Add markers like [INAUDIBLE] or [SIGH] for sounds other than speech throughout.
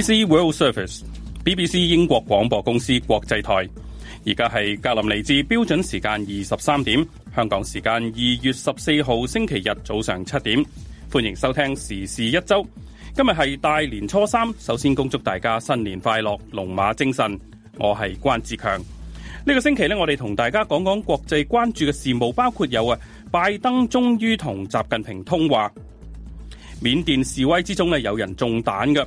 BBC World Service，BBC 英國廣播公司國際台。而家係格林尼治標準時間二十三點，香港時間二月十四號星期日早上七點。歡迎收聽時事一周。今日係大年初三，首先恭祝大家新年快樂，龍馬精神。我係關志強。呢個星期咧，我哋同大家講講國際關注嘅事務，包括有啊，拜登終於同習近平通話。緬甸示威之中咧，有人中彈噶。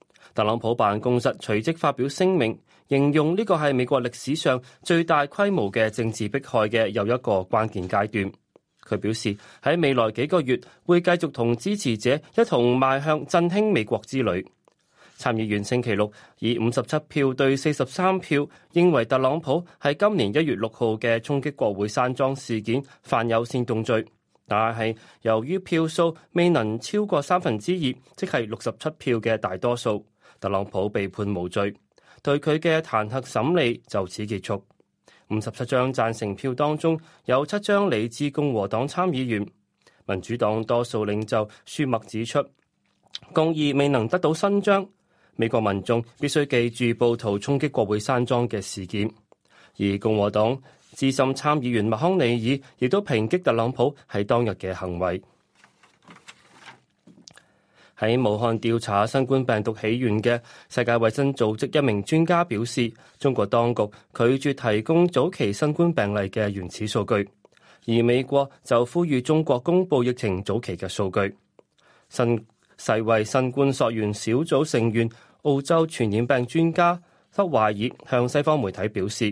特朗普辦公室隨即發表聲明，形容呢個係美國歷史上最大規模嘅政治迫害嘅又一個關鍵階段。佢表示喺未來幾個月會繼續同支持者一同邁向振興美國之旅。參議院星期六以五十七票對四十三票，認為特朗普係今年一月六號嘅衝擊國會山莊事件犯有煽動罪，但係由於票數未能超過三分之二，即係六十七票嘅大多數。特朗普被判無罪，對佢嘅彈劾審理就此結束。五十七張贊成票當中有七張來自共和黨參議員，民主黨多數領袖舒默指出，公義未能得到伸張。美國民眾必須記住暴徒衝擊國會山莊嘅事件，而共和黨資深參議員麥康尼爾亦都抨擊特朗普喺當日嘅行為。喺武漢調查新冠病毒起源嘅世界衛生組織一名專家表示，中國當局拒絕提供早期新冠病例嘅原始數據，而美國就呼籲中國公布疫情早期嘅數據。新世衛新冠溯源小組成員、澳洲傳染病專家德懷爾向西方媒體表示。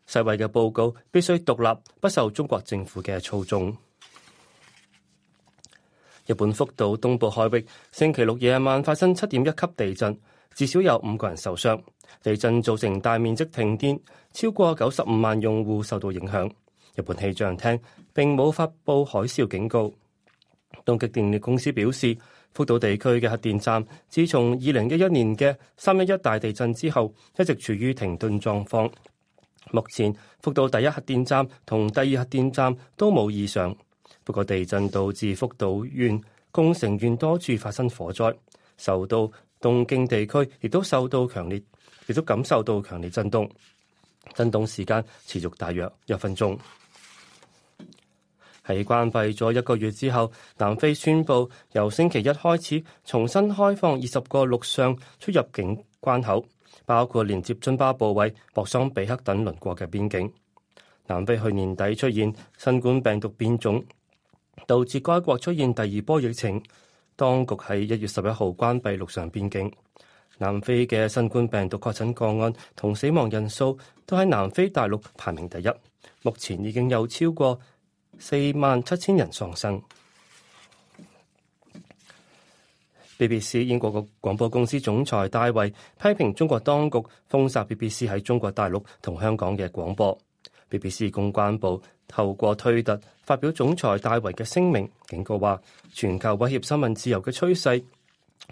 世衛嘅報告必須獨立，不受中國政府嘅操縱。日本福島東部海域星期六夜晚發生七點一級地震，至少有五個人受傷。地震造成大面積停電，超過九十五萬用戶受到影響。日本氣象廳並冇發布海嘯警告。東京電力公司表示，福島地區嘅核電站自從二零一一年嘅三一一大地震之後，一直處於停頓狀況。目前福島第一核電站同第二核電站都冇異常，不過地震導致福島縣、宮城縣多處發生火災，受到東京地區亦都受到強烈，亦都感受到強烈震動，震動時間持續大約一分鐘。喺關閉咗一個月之後，南非宣布由星期一開始重新開放二十個陸上出入境關口。包括連接津巴布韋、莫桑比克等鄰國嘅邊境。南非去年底出現新冠病毒變種，導致該國出現第二波疫情。當局喺一月十一號關閉陸上邊境。南非嘅新冠病毒確診個案同死亡人數都喺南非大陸排名第一。目前已經有超過四萬七千人喪生。BBC 英國嘅廣播公司總裁戴維批評中國當局封殺 BBC 喺中國大陸同香港嘅廣播。BBC 公關部透過推特發表總裁戴維嘅聲明，警告話全球威脅新聞自由嘅趨勢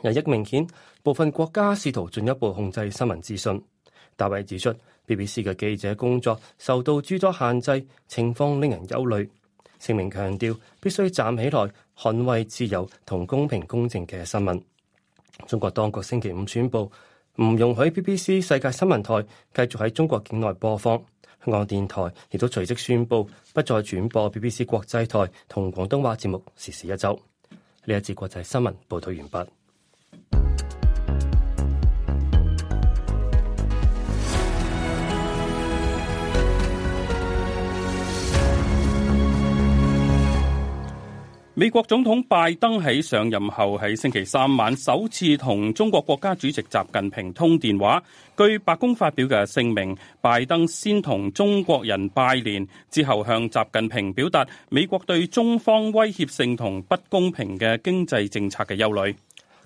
日益明顯，部分國家試圖進一步控制新聞資訊。戴維指出，BBC 嘅記者工作受到諸多限制，情況令人憂慮。聲明強調必須站起來捍衛自由同公平公正嘅新聞。中國當局星期五宣佈唔容許 BBC 世界新聞台繼續喺中國境內播放。香港電台亦都隨即宣佈不再轉播 BBC 國際台同廣東話節目時事一周。呢一節國際新聞報道完畢。美國總統拜登喺上任後喺星期三晚首次同中國國家主席習近平通電話。據白宮發表嘅聲明，拜登先同中國人拜年，之後向習近平表達美國對中方威脅性同不公平嘅經濟政策嘅憂慮。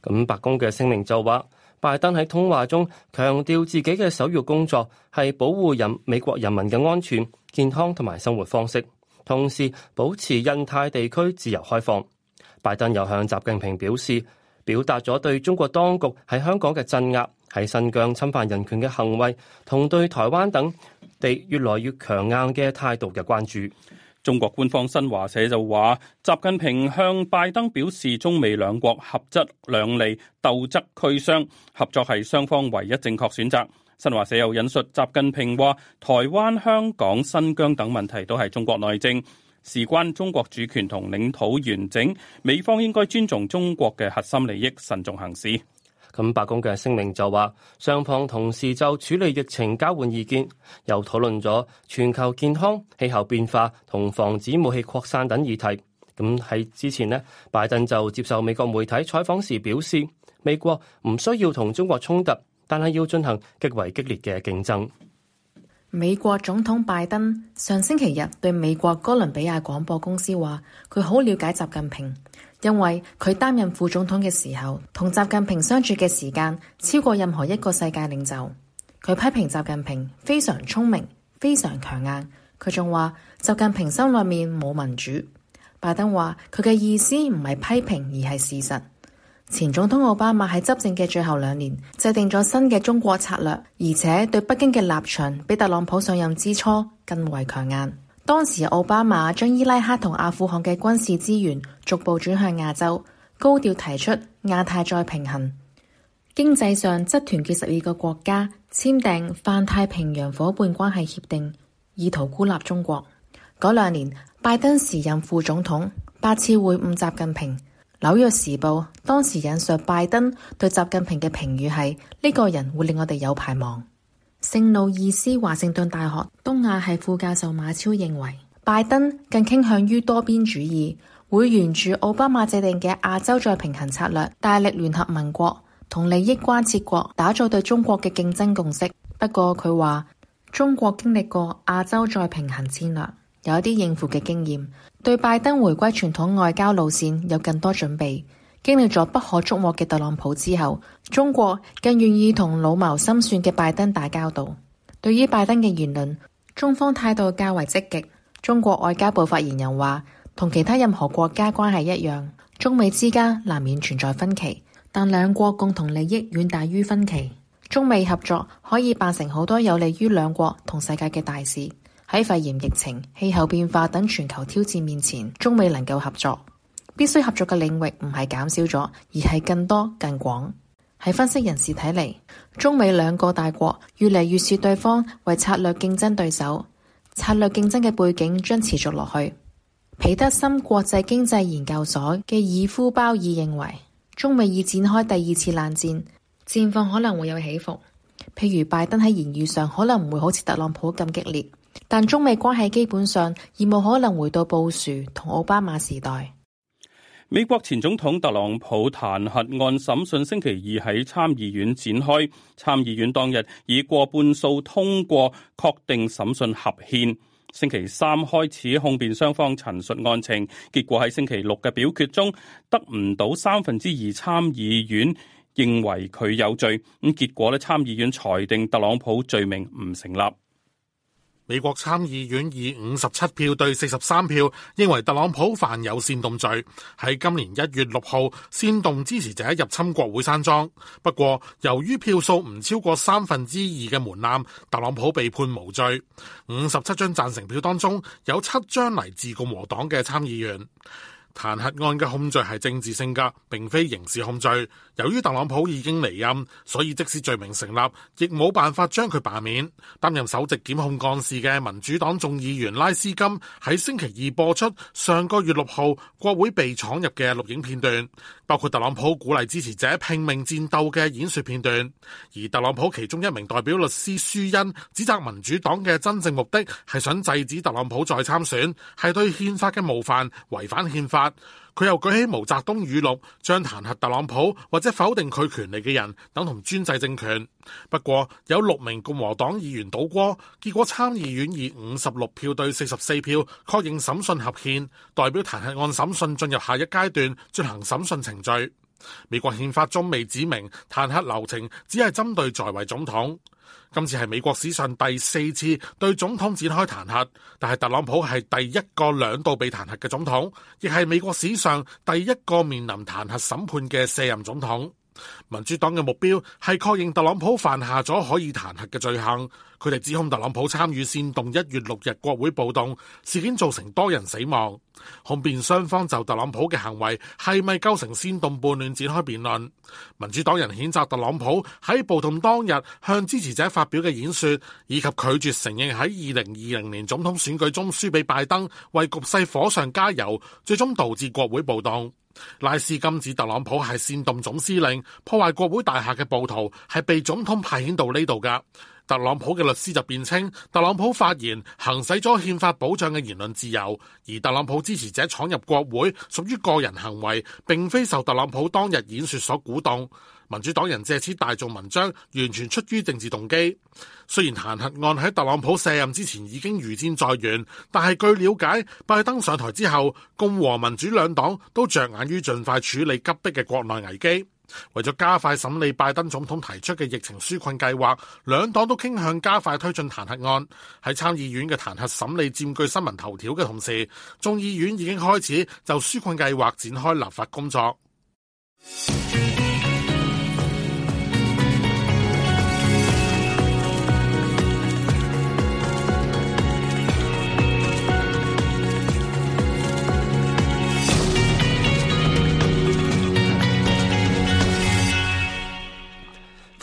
咁白宮嘅聲明就話，拜登喺通話中強調自己嘅首要工作係保護人美國人民嘅安全、健康同埋生活方式。同時保持印太地區自由開放，拜登又向習近平表示，表達咗對中國當局喺香港嘅鎮壓，喺新疆侵犯人權嘅行為同對台灣等地越來越強硬嘅態度嘅關注。中國官方新華社就話，習近平向拜登表示，中美兩國合則兩利、鬥則俱傷，合作係雙方唯一正確選擇。新華社有引述習近平話：台灣、香港、新疆等問題都係中國內政，事關中國主權同領土完整，美方應該尊重中國嘅核心利益，慎重行事。咁白宮嘅聲明就話，雙方同時就處理疫情交換意見，又討論咗全球健康、氣候變化同防止武器擴散等議題。咁喺之前呢，拜登就接受美國媒體採訪時表示，美國唔需要同中國衝突但係要進行極為激烈嘅競爭。美國總統拜登上星期日對美國哥倫比亞廣播公司話：佢好了解習近平，因為佢擔任副總統嘅時候，同習近平相處嘅時間超過任何一個世界領袖。佢批評習近平非常聰明、非常強硬。佢仲話：習近平心裏面冇民主。拜登話：佢嘅意思唔係批評，而係事實。前總統奧巴馬喺執政嘅最後兩年，制定咗新嘅中國策略，而且對北京嘅立場比特朗普上任之初更為強硬。當時奧巴馬將伊拉克同阿富汗嘅軍事資源逐步轉向亞洲，高調提出亞太再平衡。經濟上則團結十二個國家簽訂，簽訂泛太平洋夥伴關係協定，意圖孤立中國。嗰兩年，拜登時任副總統，八次會晤習近平。紐約時報當時引述拜登對習近平嘅評語係：呢、這個人會令我哋有排忙。聖路易斯華盛頓大學東亞系副教授馬超認為，拜登更傾向於多邊主義，會沿著奧巴馬制定嘅亞洲再平衡策略，大力聯合盟國同利益關切國，打造對中國嘅競爭共識。不過佢話，中國經歷過亞洲再平衡戰略，有一啲應付嘅經驗。對拜登回歸傳統外交路線有更多準備，經歷咗不可捉摸嘅特朗普之後，中國更願意同老謀深算嘅拜登打交道。對於拜登嘅言論，中方態度較為積極。中國外交部發言人話：同其他任何國家關係一樣，中美之間難免存在分歧，但兩國共同利益遠大於分歧。中美合作可以辦成好多有利於兩國同世界嘅大事。喺肺炎疫情、氣候變化等全球挑戰面前，中美能夠合作必須合作嘅領域唔係減少咗，而係更多、更廣。喺分析人士睇嚟，中美兩個大國越嚟越視對方為策略競爭對手，策略競爭嘅背景將持續落去。彼得森國際經濟研究所嘅爾夫鮑爾認為，中美已展開第二次冷戰，戰況可能會有起伏，譬如拜登喺言語上可能唔會好似特朗普咁激烈。但中美關係基本上已冇可能回到布殊同奧巴馬時代。美國前總統特朗普彈劾案審訊星期二喺參議院展開，參議院當日以過半數通過確定審訊合憲。星期三開始，控辯雙方陳述案情，結果喺星期六嘅表決中得唔到三分之二參議院認為佢有罪，咁結果呢，參議院裁定特朗普罪名唔成立。美國參議院以五十七票對四十三票，認為特朗普犯有煽動罪，喺今年一月六號煽動支持者入侵國會山莊。不過，由於票數唔超過三分之二嘅門檻，特朗普被判無罪。五十七張贊成票當中，有七張嚟自共和黨嘅參議員。彈劾案嘅控罪係政治性質並非刑事控罪。由於特朗普已經離任，所以即使罪名成立，亦冇辦法將佢罷免。擔任首席檢控幹事嘅民主黨眾議員拉斯金喺星期二播出上個月六號國會被闖入嘅錄影片段，包括特朗普鼓勵支持者拼命戰鬥嘅演說片段。而特朗普其中一名代表律師舒恩指責民主黨嘅真正目的係想制止特朗普再參選，係對憲法嘅冒犯，違反憲法。佢又舉起毛澤東語錄，將彈劾特朗普或者否定佢權利嘅人等同專制政權。不過有六名共和黨議員倒戈，結果參議院以五十六票對四十四票確認審訊合憲，代表彈劾案審訊進入下一階段進行審訊程序。美國憲法中未指明彈劾流程，只係針對在位總統。今次係美國史上第四次對總統展開彈劾，但係特朗普係第一個兩度被彈劾嘅總統，亦係美國史上第一個面臨彈劾審判嘅卸任總統。民主黨嘅目標係確認特朗普犯下咗可以彈劾嘅罪行，佢哋指控特朗普參與煽動一月六日國會暴動，事件，造成多人死亡。控辯雙方就特朗普嘅行為係咪構成煽動叛亂展開辯論。民主黨人譴責特朗普喺暴動當日向支持者發表嘅演說，以及拒絕承認喺二零二零年總統選舉中輸俾拜登，為局勢火上加油，最終導致國會暴動。拉斯金指特朗普係煽動總司令，破壞國會大廈嘅暴徒係被總統派遣到呢度噶。特朗普嘅律師就辯稱，特朗普發言行使咗憲法保障嘅言論自由，而特朗普支持者闖入國會屬於個人行為，並非受特朗普當日演說所鼓動。民主黨人借此大做文章，完全出於政治動機。雖然彈劾案喺特朗普卸任之前已經如箭在弦，但係據了解，拜登上台之後，共和民主兩黨都着眼於盡快處理急迫嘅國內危機。為咗加快審理拜登總統提出嘅疫情紓困計劃，兩黨都傾向加快推進彈劾案。喺參議院嘅彈劾審理佔據新聞頭條嘅同時，眾議院已經開始就紓困計劃展開立法工作。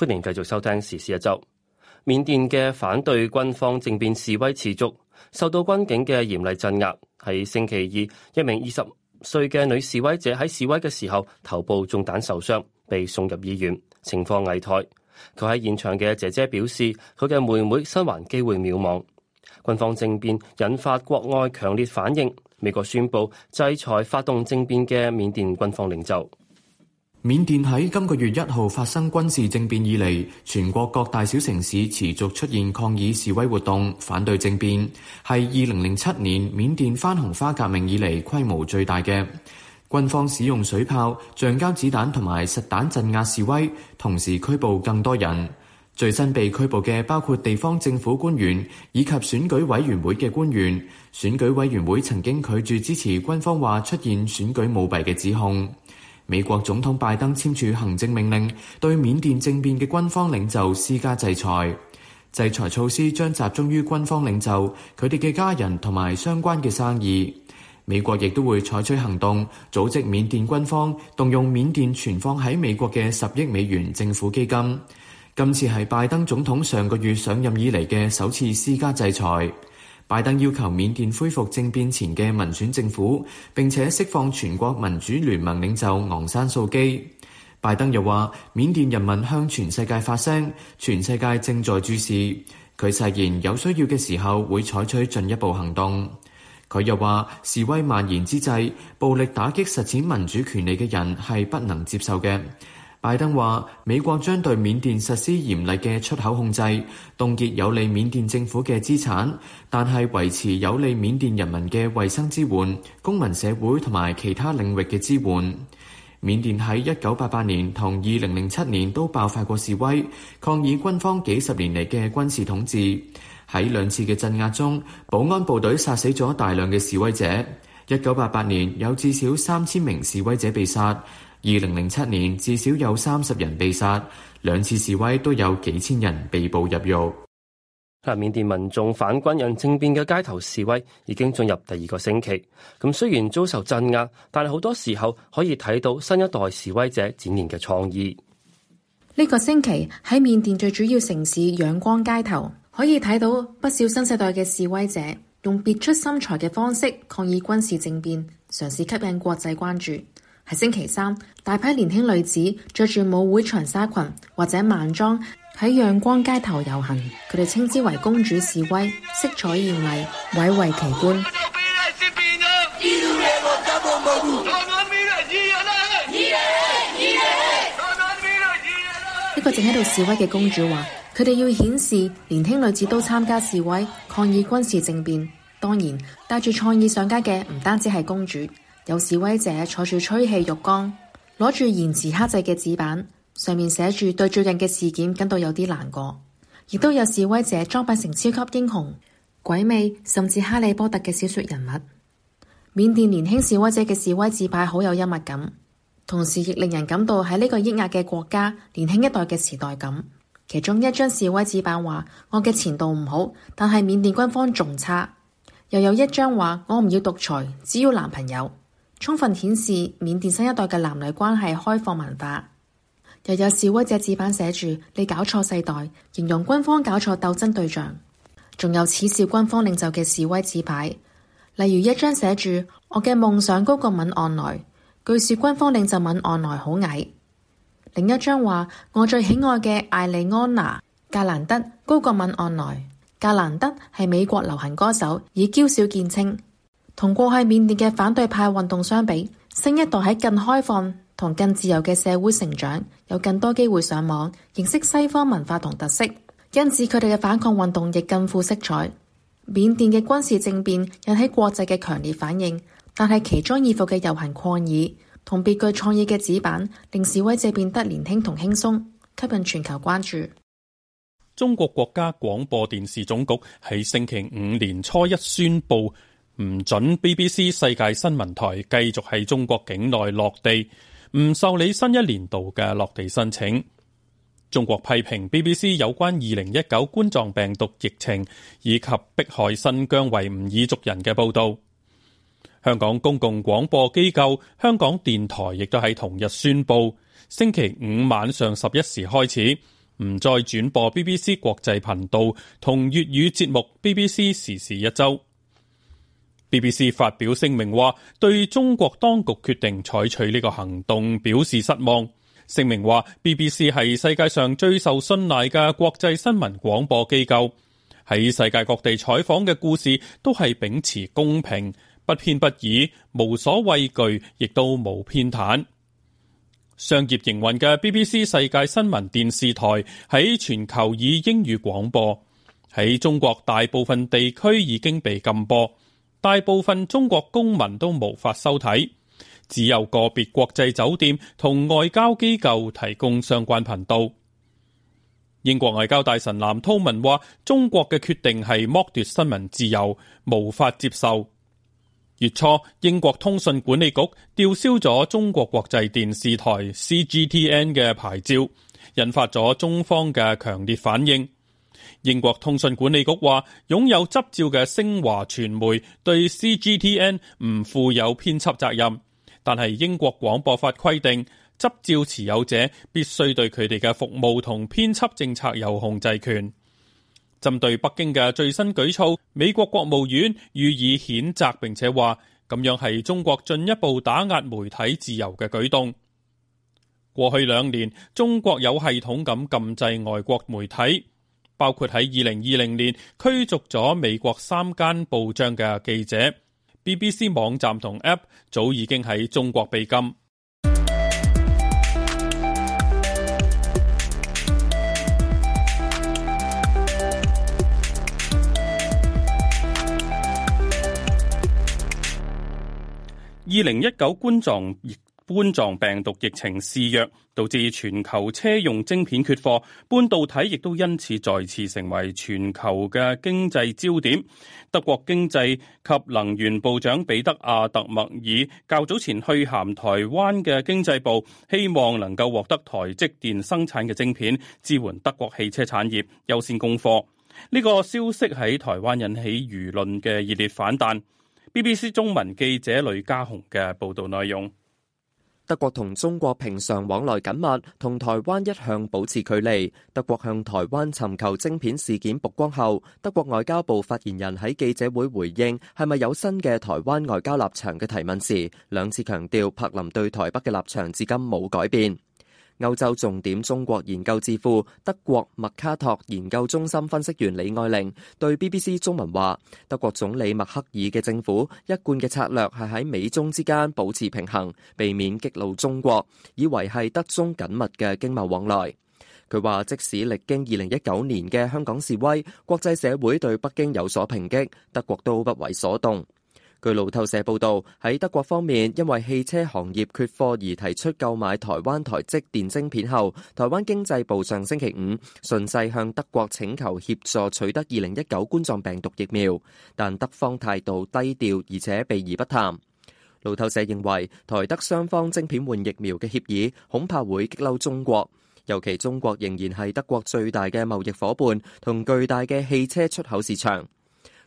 歡迎繼續收聽時事一周。緬甸嘅反對軍方政變示威持續，受到軍警嘅嚴厲鎮壓。喺星期二，一名二十歲嘅女示威者喺示威嘅時候頭部中彈受傷，被送入醫院，情況危殆。佢喺現場嘅姐姐表示，佢嘅妹妹生還機會渺茫。軍方政變引發國外強烈反應，美國宣布制裁發動政變嘅緬甸軍方領袖。緬甸喺今個月一號發生軍事政變以嚟，全國各大小城市持續出現抗議示威活動，反對政變，係二零零七年緬甸番紅花革命以嚟規模最大嘅。軍方使用水炮、橡膠子彈同埋實彈鎮壓示威，同時拘捕更多人。最新被拘捕嘅包括地方政府官員以及選舉委員會嘅官員。選舉委員會曾經拒絕支持軍方話出現選舉舞弊嘅指控。美國總統拜登簽署行政命令，對緬甸政變嘅軍方領袖施加制裁。制裁措施將集中於軍方領袖佢哋嘅家人同埋相關嘅生意。美國亦都會採取行動，阻止緬甸軍方動用緬甸存放喺美國嘅十億美元政府基金。今次係拜登總統上個月上任以嚟嘅首次施加制裁。拜登要求緬甸恢復政變前嘅民選政府，並且釋放全國民主聯盟領袖昂山素基。拜登又話緬甸人民向全世界發聲，全世界正在注視，佢誓言有需要嘅時候會採取進一步行動。佢又話示威蔓延之際，暴力打擊實踐民主權利嘅人係不能接受嘅。拜登話：美國將對緬甸實施嚴厲嘅出口控制，凍結有利緬甸政府嘅資產，但係維持有利緬甸人民嘅衛生支援、公民社會同埋其他領域嘅支援。緬甸喺一九八八年同二零零七年都爆發過示威，抗議軍方幾十年嚟嘅軍事統治。喺兩次嘅鎮壓中，保安部隊殺死咗大量嘅示威者。一九八八年有至少三千名示威者被殺。二零零七年至少有三十人被殺，兩次示威都有幾千人被捕入獄。嗱，緬甸民眾反軍人政變嘅街頭示威已經進入第二個星期，咁雖然遭受鎮壓，但係好多時候可以睇到新一代示威者展現嘅創意。呢個星期喺緬甸最主要城市仰光街頭，可以睇到不少新世代嘅示威者用別出心裁嘅方式抗議軍事政變，嘗試吸引國際關注。係星期三，大批年輕女子着住舞會長紗裙或者晚裝，喺陽光街頭遊行。佢哋稱之為公主示威，色彩艷麗，蔚為奇觀。一個正喺度示威嘅公主話，佢哋要顯示年輕女子都參加示威，抗議軍事政變。當然，帶住創意上街嘅唔單止係公主。有示威者坐住吹氣浴缸，攞住言辭克制嘅紙板，上面寫住對最近嘅事件感到有啲難過。亦都有示威者裝扮成超級英雄、鬼魅，甚至哈利波特嘅小說人物。緬甸年輕示威者嘅示威自拍好有幽默感，同時亦令人感到喺呢個抑壓嘅國家，年輕一代嘅時代感。其中一張示威紙板話：我嘅前度唔好，但係緬甸軍方仲差。又有一張話：我唔要獨裁，只要男朋友。充分顯示緬甸新一代嘅男女關係開放文化，又有示威者紙板寫住，你搞錯世代，形容軍方搞錯鬥爭對象，仲有恥笑軍方領袖嘅示威紙牌，例如一張寫住，我嘅夢想高過敏昂萊，據說軍方領袖敏昂萊好矮，另一張話，我最喜愛嘅艾莉安娜·格蘭德高過敏昂萊，格蘭德係美國流行歌手，以嬌小見稱。同過去緬甸嘅反對派運動相比，新一代喺更開放同更自由嘅社會成長，有更多機會上網認識西方文化同特色，因此佢哋嘅反抗運動亦更富色彩。緬甸嘅軍事政變引起國際嘅強烈反應，但係奇裝異服嘅遊行抗議同別具創意嘅紙板，令示威者變得年輕同輕鬆，吸引全球關注。中國國家廣播電視總局喺星期五年初一宣布，唔准 BBC 世界新聞台繼續喺中國境內落地，唔受理新一年度嘅落地申請。中國批評 BBC 有關二零一九冠狀病毒疫情以及迫害新疆維吾爾族人嘅報道。香港公共廣播機構香港電台亦都喺同日宣布，星期五晚上十一時開始唔再轉播 BBC 國際頻道同粵語節目 BBC 時事一周。BBC 發表聲明話，對中國當局決定採取呢個行動表示失望。聲明話，BBC 係世界上最受信賴嘅國際新聞廣播機構，喺世界各地採訪嘅故事都係秉持公平、不偏不倚、無所畏懼，亦都無偏袒。商業營運嘅 BBC 世界新聞電視台喺全球以英語廣播，喺中國大部分地區已經被禁播。大部分中國公民都無法收睇，只有個別國際酒店同外交機構提供相關頻道。英國外交大臣藍韜文話：中國嘅決定係剝奪新聞自由，無法接受。月初，英國通訊管理局吊銷咗中國國際電視台 CGTN 嘅牌照，引發咗中方嘅強烈反應。英國通訊管理局話，擁有執照嘅星華傳媒對 CGTN 唔負有編輯責任，但係英國廣播法規定，執照持有者必須對佢哋嘅服務同編輯政策有控制權。針對北京嘅最新舉措，美國國務院予以譴責，並且話，咁樣係中國進一步打壓媒體自由嘅舉動。過去兩年，中國有系統咁禁制外國媒體。包括喺二零二零年驅逐咗美國三間報章嘅記者，BBC 網站同 App 早已經喺中國被禁。二零一九冠狀。 [MUSIC] 冠狀病毒疫情肆虐，導致全球車用晶片缺貨，半導體亦都因此再次成為全球嘅經濟焦點。德國經濟及能源部長彼得阿特默爾較早前去函台灣嘅經濟部，希望能夠獲得台積電生產嘅晶片支援德國汽車產業優先供貨。呢、這個消息喺台灣引起輿論嘅熱烈反彈。BBC 中文記者呂嘉鴻嘅報道內容。德國同中國平常往來緊密，同台灣一向保持距離。德國向台灣尋求晶片事件曝光後，德國外交部發言人喺記者會回應係咪有新嘅台灣外交立場嘅提問時，兩次強調柏林對台北嘅立場至今冇改變。歐洲重點中國研究智庫德國麥卡托研究中心分析員李愛玲對 BBC 中文話，德國總理默克爾嘅政府一貫嘅策略係喺美中之間保持平衡，避免激怒中國，以維繫德中緊密嘅經貿往來。佢話，即使歷經二零一九年嘅香港示威，國際社會對北京有所抨擊，德國都不為所動。據路透社報道，喺德國方面，因為汽車行業缺貨而提出購買台灣台積電晶片後，台灣經濟部上星期五順勢向德國請求協助取得二零一九冠狀病毒疫苗，但德方態度低調而且避而不談。路透社認為，台德雙方晶片換疫苗嘅協議恐怕會激嬲中國，尤其中國仍然係德國最大嘅貿易夥伴同巨大嘅汽車出口市場。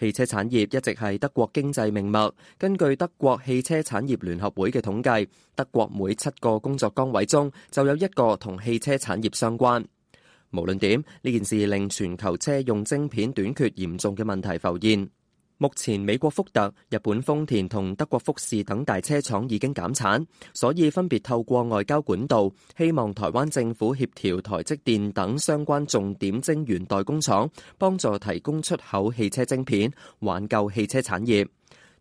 汽車產業一直係德國經濟命脈。根據德國汽車產業聯合會嘅統計，德國每七個工作崗位中就有一個同汽車產業相關。無論點，呢件事令全球車用晶片短缺嚴重嘅問題浮現。目前美國福特、日本豐田同德國福士等大車廠已經減產，所以分別透過外交管道，希望台灣政府協調台積電等相關重點晶圓代工廠，幫助提供出口汽車晶片，挽救汽車產業。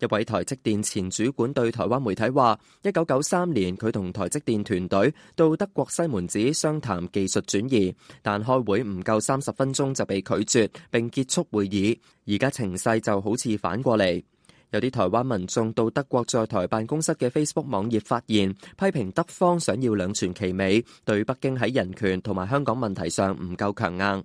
一位台積電前主管對台灣媒體話，一九九三年佢同台積電團隊到德國西門子商談技術轉移，但開會唔夠三十分鐘就被拒絕，並結束會議。而家情勢就好似反過嚟，有啲台灣民眾到德國在台辦公室嘅 Facebook 網頁發言，批評德方想要兩全其美，對北京喺人權同埋香港問題上唔夠強硬。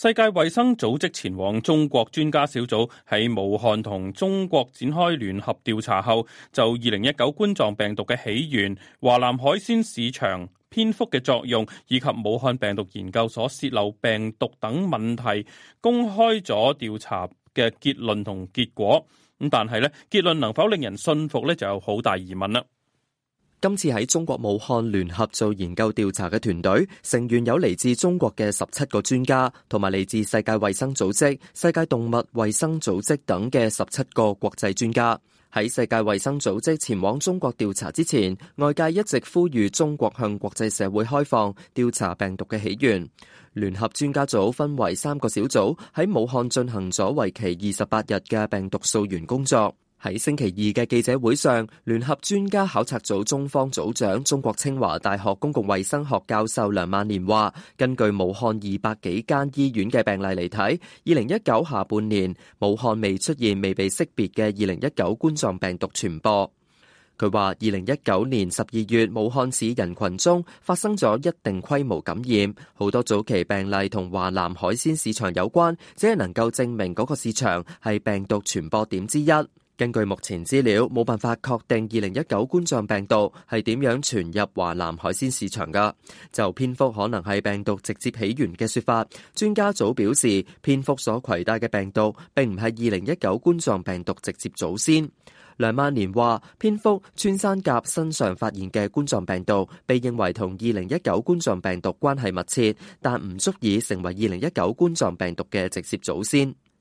世界衛生組織前往中國專家小組喺武漢同中國展開聯合調查後，就二零一九冠狀病毒嘅起源、華南海鮮市場蝙蝠嘅作用，以及武漢病毒研究所洩漏病毒等問題，公開咗調查嘅結論同結果。咁但係咧，結論能否令人信服咧，就有好大疑問啦。今次喺中國武漢聯合做研究調查嘅團隊成員有嚟自中國嘅十七個專家，同埋嚟自世界衛生組織、世界動物衛生組織等嘅十七個國際專家。喺世界衛生組織前往中國調查之前，外界一直呼籲中國向國際社會開放調查病毒嘅起源。聯合專家組分為三個小組，喺武漢進行咗為期二十八日嘅病毒溯源工作。喺星期二嘅記者會上，聯合專家考察組中方組長、中國清華大學公共衛生學教授梁萬年話，根據武漢二百幾間醫院嘅病例嚟睇，二零一九下半年武漢未出現未被識別嘅二零一九冠狀病毒傳播。佢話二零一九年十二月武漢市人群中發生咗一定規模感染，好多早期病例同華南海鮮市場有關，只係能夠證明嗰個市場係病毒傳播點之一。根據目前資料，冇辦法確定二零一九冠狀病毒係點樣傳入華南海鮮市場㗎。就蝙蝠可能係病毒直接起源嘅說法，專家組表示，蝙蝠所攜帶嘅病毒並唔係二零一九冠狀病毒直接祖先。梁萬年話：蝙蝠、穿山甲身上發現嘅冠狀病毒被認為同二零一九冠狀病毒關係密切，但唔足以成為二零一九冠狀病毒嘅直接祖先。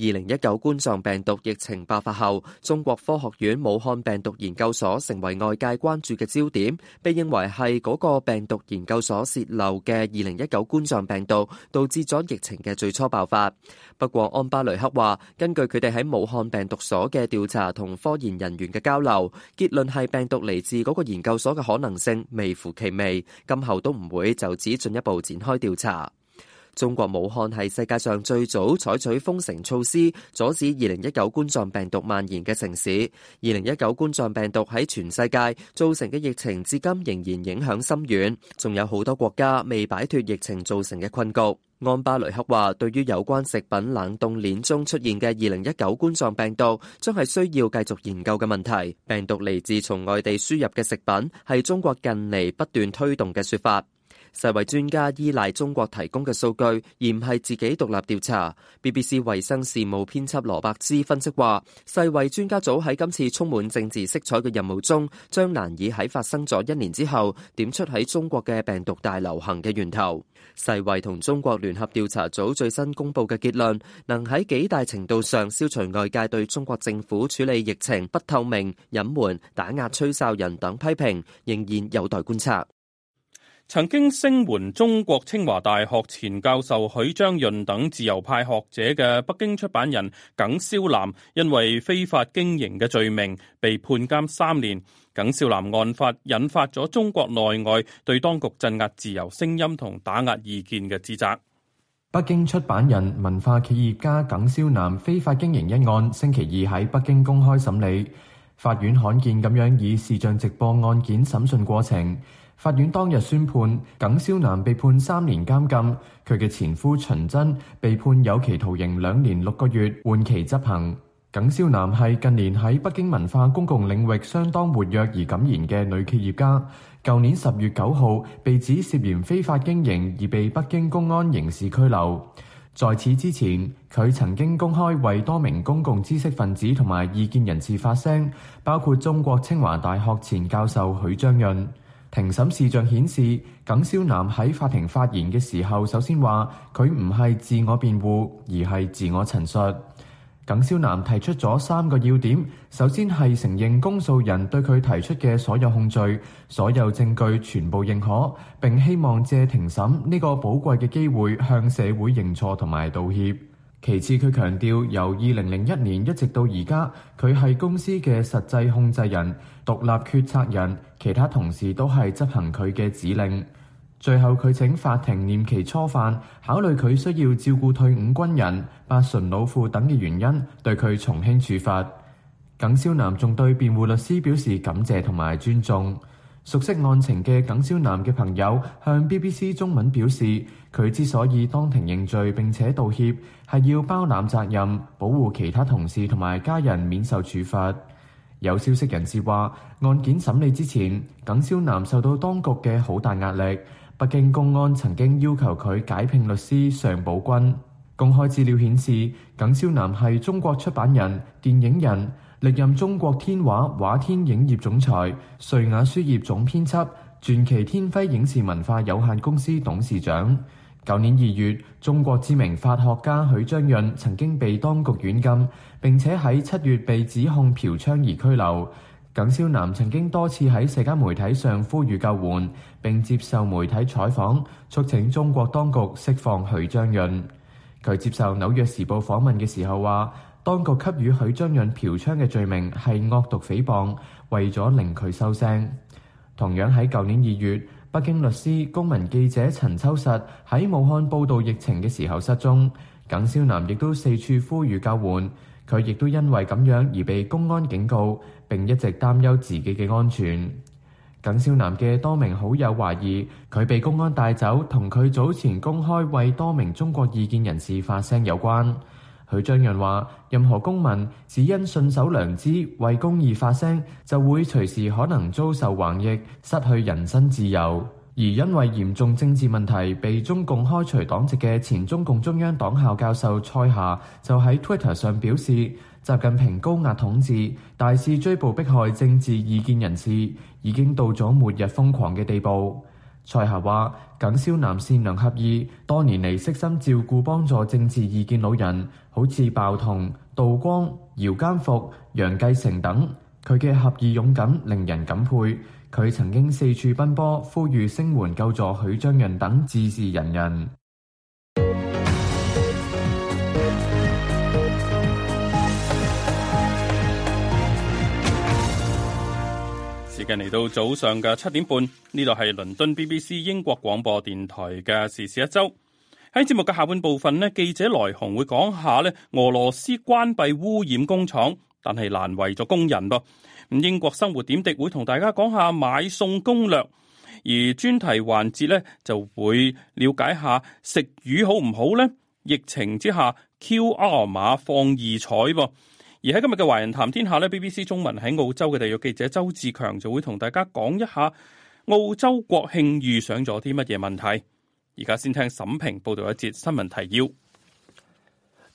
二零一九冠狀病毒疫情爆發後，中國科學院武漢病毒研究所成為外界關注嘅焦點，被認為係嗰個病毒研究所洩漏嘅二零一九冠狀病毒，導致咗疫情嘅最初爆發。不過，安巴雷克話：根據佢哋喺武漢病毒所嘅調查同科研人員嘅交流，結論係病毒嚟自嗰個研究所嘅可能性微乎其微，今後都唔會就此進一步展開調查。中國武漢係世界上最早採取封城措施，阻止二零一九冠狀病毒蔓延嘅城市。二零一九冠狀病毒喺全世界造成嘅疫情，至今仍然影響深遠，仲有好多國家未擺脫疫情造成嘅困局。安巴雷克話，對於有關食品冷凍鏈中出現嘅二零一九冠狀病毒，將係需要繼續研究嘅問題。病毒嚟自從外地輸入嘅食品，係中國近嚟不斷推動嘅說法。世衛專家依賴中國提供嘅數據，而唔係自己獨立調查。BBC 衛生事務編輯羅伯茲分析話，世衛專家組喺今次充滿政治色彩嘅任務中，將難以喺發生咗一年之後點出喺中國嘅病毒大流行嘅源頭。世衛同中國聯合調查組最新公佈嘅結論，能喺幾大程度上消除外界對中國政府處理疫情不透明、隱瞞、打壓、吹哨人等批評，仍然有待觀察。曾經聲援中國清華大學前教授許章潤等自由派學者嘅北京出版人耿瀟男，因為非法經營嘅罪名被判監三年。耿瀟男案發引發咗中國內外對當局鎮壓自由聲音同打壓意見嘅指責。北京出版人、文化企業家耿瀟男非法經營一案，星期二喺北京公開審理，法院罕見咁樣以視像直播案件審訊過程。法院當日宣判，耿瀟南被判三年監禁，佢嘅前夫秦真被判有期徒刑兩年六個月，緩期執行。耿瀟南係近年喺北京文化公共領域相當活躍而敢言嘅女企業家。舊年十月九號，被指涉嫌非法經營而被北京公安刑事拘留。在此之前，佢曾經公開為多名公共知識分子同埋異見人士發聲，包括中國清華大學前教授許章潤。庭審視像顯示，耿瀟男喺法庭發言嘅時候，首先話佢唔係自我辯護，而係自我陳述。耿瀟男提出咗三個要點，首先係承認公訴人對佢提出嘅所有控罪、所有證據全部認可，並希望借庭審呢個寶貴嘅機會向社會認錯同埋道歉。其次，佢強調由二零零一年一直到而家，佢係公司嘅實際控制人、獨立決策人，其他同事都係執行佢嘅指令。最後，佢請法庭念其初犯，考慮佢需要照顧退伍軍人、八旬老婦等嘅原因，對佢從輕處罰。耿少南仲對辯護律師表示感謝同埋尊重。熟悉案情嘅耿瀟男嘅朋友向 BBC 中文表示，佢之所以當庭認罪並且道歉，係要包攬責任，保護其他同事同埋家人免受處罰。有消息人士話，案件審理之前，耿瀟男受到當局嘅好大壓力，北京公安曾經要求佢解聘律師尚寶軍。公開資料顯示，耿瀟男係中國出版人、電影人。歷任中國天畫畫天影業總裁、瑞雅書業總編輯、傳奇天輝影視文化有限公司董事長。舊年二月，中國知名法學家許章潤曾經被當局軟禁，並且喺七月被指控嫖娼而拘留。耿瀟男曾經多次喺社交媒體上呼籲救援，並接受媒體採訪，促請中國當局釋放許章潤。佢接受紐約時報訪問嘅時候話。當局給予許章潤嫖娼嘅罪名係惡毒誹謗，為咗令佢收聲。同樣喺舊年二月，北京律師、公民記者陳秋實喺武漢報道疫情嘅時候失蹤，耿少南亦都四處呼籲救援。佢亦都因為咁樣而被公安警告，並一直擔憂自己嘅安全。耿少南嘅多名好友懷疑佢被公安帶走，同佢早前公開為多名中國意見人士發聲有關。佢章潤話：任何公民只因信守良知、為公義發聲，就會隨時可能遭受橫逆，失去人身自由。而因為嚴重政治問題被中共開除黨籍嘅前中共中央黨校教授蔡霞就喺 Twitter 上表示：習近平高壓統治，大肆追捕迫害政治異見人士，已經到咗末日瘋狂嘅地步。蔡霞話：耿少南善良合意，多年嚟悉心照顧幫助政治意見老人，好似爆同杜光、姚堅福、楊繼成等。佢嘅合意勇敢令人感佩。佢曾經四處奔波，呼籲聲援救助許章人等志士人人。最近嚟到早上嘅七點半，呢度係倫敦 BBC 英國廣播電台嘅時事一周。喺節目嘅下半部分呢，記者來鴻會講下呢俄羅斯關閉污染工廠，但係難為咗工人噃。咁英國生活點滴會同大家講下買餸攻略，而專題環節呢就會了解下食魚好唔好呢？疫情之下 QR 碼放異彩噃。而喺今日嘅《華人談天下》呢 BBC 中文喺澳洲嘅地域記者周志強就會同大家講一下澳洲國慶遇上咗啲乜嘢問題。而家先聽沈平報道一節新聞提要。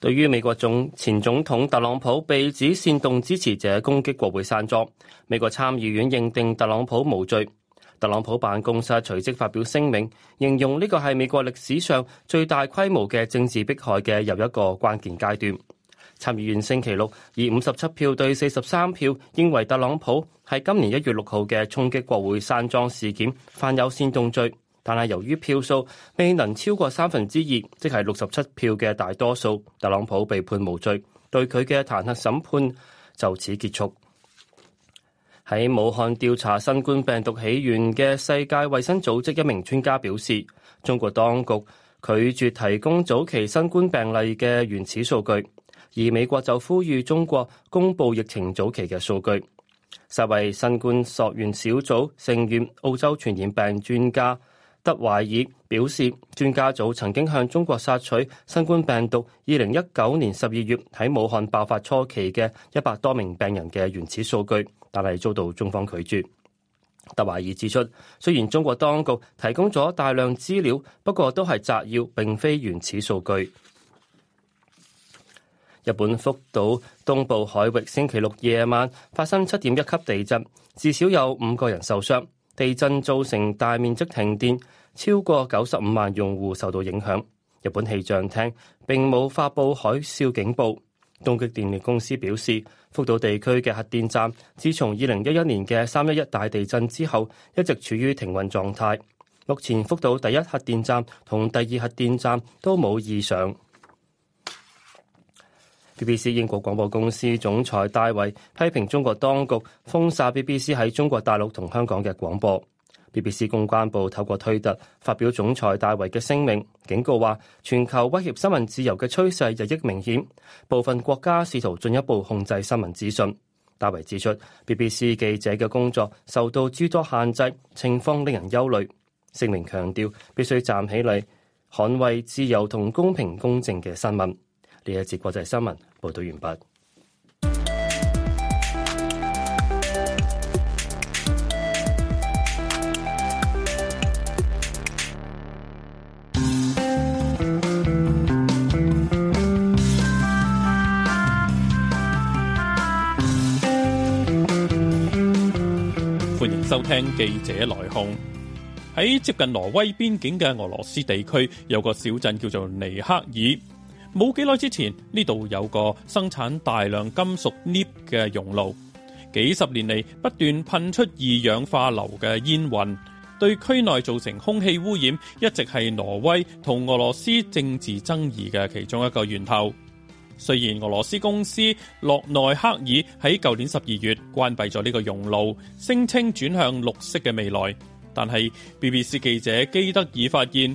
對於美國總前總統特朗普被指煽動支持者攻擊國會山莊，美國參議院認定特朗普無罪。特朗普辦公室隨即發表聲明，形容呢個係美國歷史上最大規模嘅政治迫害嘅又一個關鍵階段。參議員星期六以五十七票對四十三票，認為特朗普係今年一月六號嘅衝擊國會山莊事件犯有煽動罪，但係由於票數未能超過三分之二，3, 即係六十七票嘅大多數，特朗普被判無罪，對佢嘅彈劾審判就此結束。喺武漢調查新冠病毒起源嘅世界衛生組織一名專家表示，中國當局拒絕提供早期新冠病例嘅原始數據。而美國就呼籲中國公布疫情早期嘅數據。世衛新冠溯源小組成員、澳洲傳染病專家德懷爾表示，專家組曾經向中國索取新冠病毒二零一九年十二月喺武漢爆發初期嘅一百多名病人嘅原始數據，但係遭到中方拒絕。德懷爾指出，雖然中國當局提供咗大量資料，不過都係摘要，並非原始數據。日本福島東部海域星期六夜晚發生七點一級地震，至少有五個人受傷。地震造成大面積停電，超過九十五萬用戶受到影響。日本氣象廳並冇發佈海嘯警報。東極電力公司表示，福島地區嘅核電站自從二零一一年嘅三一一大地震之後，一直處於停運狀態。目前福島第一核電站同第二核電站都冇異常。BBC 英國廣播公司總裁戴維批評中國當局封殺 BBC 喺中國大陸同香港嘅廣播。BBC 公關部透過推特發表總裁戴維嘅聲明，警告話全球威脅新聞自由嘅趨勢日益明顯，部分國家試圖進一步控制新聞資訊。戴維指出，BBC 記者嘅工作受到諸多限制，情況令人憂慮。聲明強調，必須站起嚟捍衛自由同公平公正嘅新聞。呢一節國際新聞報道完畢。歡迎收聽記者來鴻。喺接近挪威邊境嘅俄羅斯地區，有個小鎮叫做尼克爾。冇幾耐之前，呢度有個生產大量金屬鎳嘅熔爐，幾十年嚟不斷噴出二氧化硫嘅煙雲，對區內造成空氣污染，一直係挪威同俄羅斯政治爭議嘅其中一個源頭。雖然俄羅斯公司洛內克爾喺舊年十二月關閉咗呢個熔爐，聲稱轉向綠色嘅未來，但係 BBC 記者基德爾發現。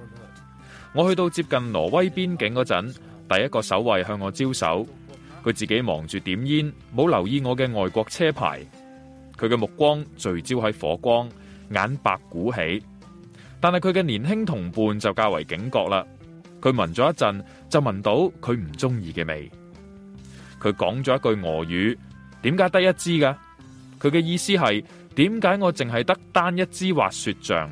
我去到接近挪威邊境嗰陣，第一個守衛向我招手，佢自己忙住點煙，冇留意我嘅外國車牌。佢嘅目光聚焦喺火光，眼白鼓起。但係佢嘅年輕同伴就較為警覺啦。佢聞咗一陣，就聞到佢唔中意嘅味。佢講咗一句俄語：點解得一支噶？佢嘅意思係點解我淨係得單一支滑雪杖？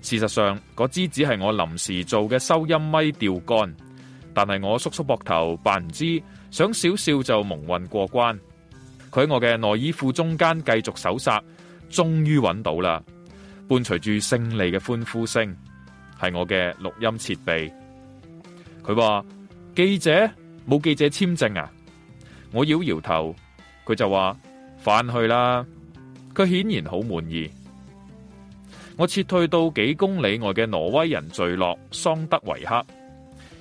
事實上，嗰支只係我臨時做嘅收音咪釣竿，但係我縮縮膊頭扮唔知，想少少就蒙混過關。佢喺我嘅內衣褲中間繼續搜殺，終於揾到啦！伴隨住勝利嘅歡呼聲，係我嘅錄音設備。佢話記者冇記者簽證啊！我搖搖頭，佢就話返去啦。佢顯然好滿意。我撤退到幾公里外嘅挪威人聚落桑德維克，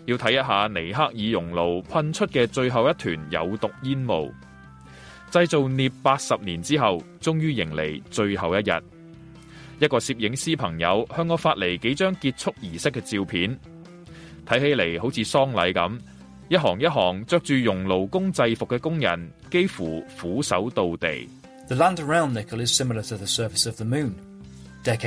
要睇一下尼克爾熔爐噴出嘅最後一團有毒煙霧。製造鎳八十年之後，終於迎嚟最後一日。一個攝影師朋友向我發嚟幾張結束儀式嘅照片，睇起嚟好似喪禮咁。一行一行着住熔爐工制服嘅工人，幾乎俯首到地。The land around nickel is similar to the surface of the moon. 尼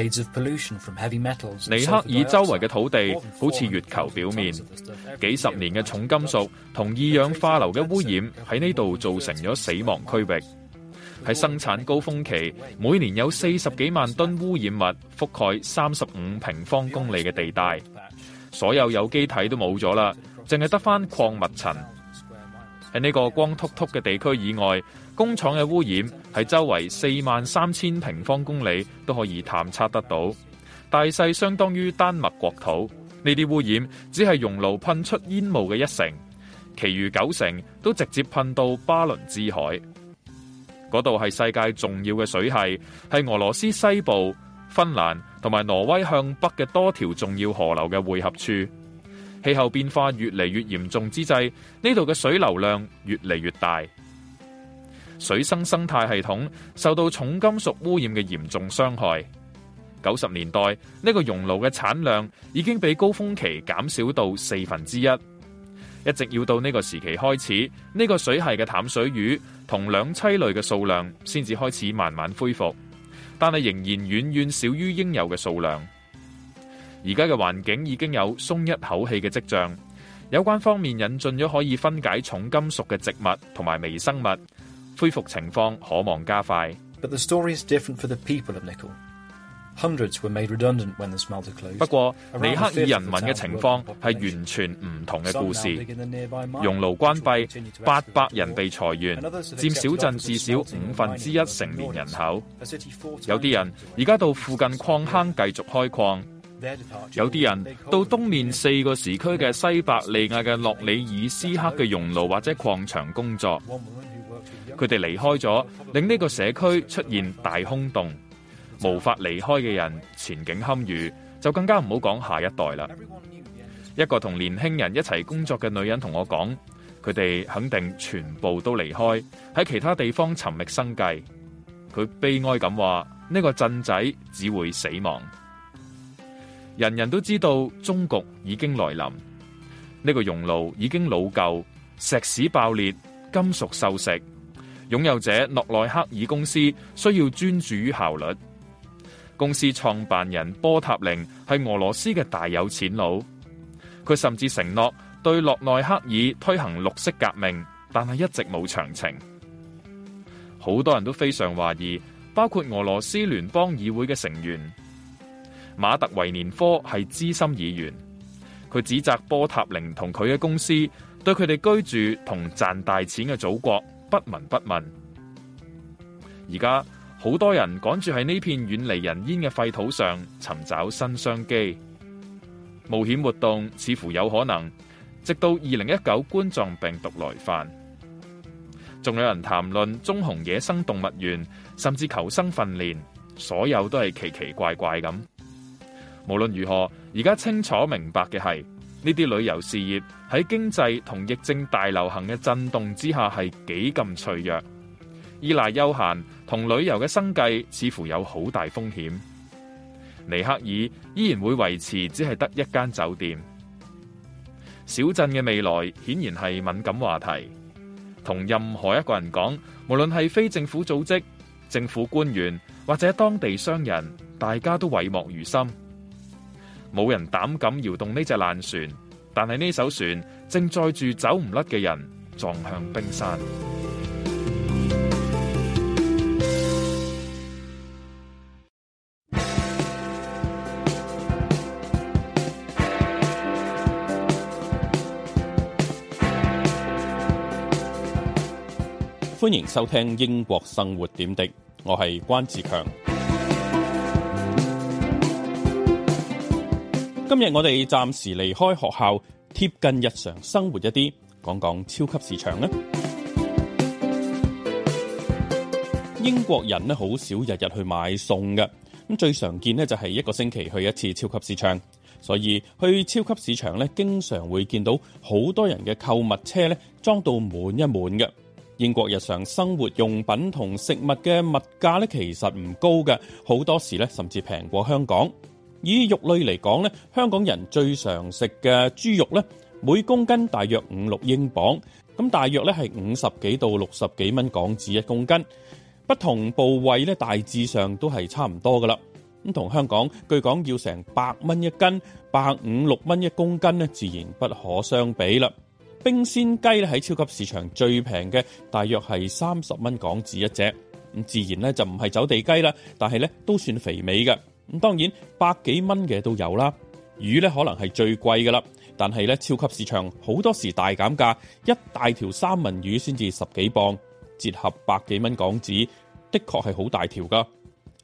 克爾周圍嘅土地好似月球表面，幾十年嘅重金屬同二氧化硫嘅污染喺呢度造成咗死亡區域。喺生產高峰期，每年有四十幾萬噸污染物覆蓋三十五平方公里嘅地帶，所有有機體都冇咗啦，淨係得翻礦物層。喺呢個光禿禿嘅地區以外，工廠嘅污染喺周圍四萬三千平方公里都可以探測得到，大細相當於丹麥國土。呢啲污染只係熔爐噴出煙霧嘅一成，其餘九成都直接噴到巴倫支海。嗰度係世界重要嘅水系，係俄羅斯西部、芬蘭同埋挪威向北嘅多條重要河流嘅匯合處。氣候變化越嚟越嚴重之際，呢度嘅水流量越嚟越大，水生生態系統受到重金屬污染嘅嚴重傷害。九十年代呢個熔爐嘅產量已經比高峰期減少到四分之一，一直要到呢個時期開始，呢個水系嘅淡水魚同兩棲類嘅數量先至開始慢慢恢復，但係仍然遠遠少於應有嘅數量。而家嘅環境已經有鬆一口氣嘅跡象。有關方面引進咗可以分解重金屬嘅植物同埋微生物，恢復情況可望加快。不過，尼克爾人民嘅情況係完全唔同嘅故事。熔爐關閉，八百人被裁員，others 佔小鎮至少五分之一成年人口。有啲人而家到附近礦坑繼續開礦。有啲人到東面四個時區嘅西伯利亞嘅諾里爾斯克嘅熔爐或者礦場工作，佢哋離開咗，令呢個社區出現大空洞，無法離開嘅人前景堪虞，就更加唔好講下一代啦。一個同年輕人一齊工作嘅女人同我講，佢哋肯定全部都離開，喺其他地方尋覓生計。佢悲哀咁話，呢個鎮仔只會死亡。人人都知道終局已經來臨，呢個熔爐已經老舊，石屎爆裂，金屬鏽蝕。擁有者諾內克爾公司需要專注於效率。公司創辦人波塔寧係俄羅斯嘅大有錢佬，佢甚至承諾對諾內克爾推行綠色革命，但係一直冇詳情。好多人都非常懷疑，包括俄羅斯聯邦議會嘅成員。馬特維年科係資深議員，佢指責波塔寧同佢嘅公司對佢哋居住同賺大錢嘅祖國不聞不問。而家好多人趕住喺呢片遠離人煙嘅廢土上尋找新商機，冒險活動似乎有可能。直到二零一九冠狀病毒來犯，仲有人談論棕熊野生動物園，甚至求生訓練，所有都係奇奇怪怪咁。無論如何，而家清楚明白嘅係呢啲旅遊事業喺經濟同疫症大流行嘅震動之下係幾咁脆弱，依賴休閒同旅遊嘅生計似乎有好大風險。尼克爾依然會維持只係得一間酒店。小鎮嘅未來顯然係敏感話題，同任何一個人講，無論係非政府組織、政府官員或者當地商人，大家都諱莫如深。冇人膽敢搖動呢隻爛船，但係呢艘船正載住走唔甩嘅人撞向冰山。歡迎收聽《英國生活點滴》，我係關志強。今日我哋暫時離開學校，貼近日常生活一啲，講講超級市場咧。英國人咧好少日日去買餸嘅，咁最常見咧就係一個星期去一次超級市場，所以去超級市場咧經常會見到好多人嘅購物車咧裝到滿一滿嘅。英國日常生活用品同食物嘅物價咧其實唔高嘅，好多時咧甚至平過香港。以肉類嚟講呢，香港人最常食嘅豬肉呢，每公斤大約五六英鎊，咁大約呢係五十幾到六十幾蚊港紙一公斤。不同部位呢，大致上都係差唔多噶啦。咁同香港據講要成百蚊一斤，百五六蚊一公斤呢，自然不可相比啦。冰鮮雞呢喺超級市場最平嘅，大約係三十蚊港紙一隻，咁自然呢就唔係走地雞啦，但係呢都算肥美嘅。咁當然百幾蚊嘅都有啦，魚呢可能係最貴㗎啦。但係呢超級市場好多時大減價，一大條三文魚先至十幾鎊，折合百幾蚊港紙，的確係好大條㗎。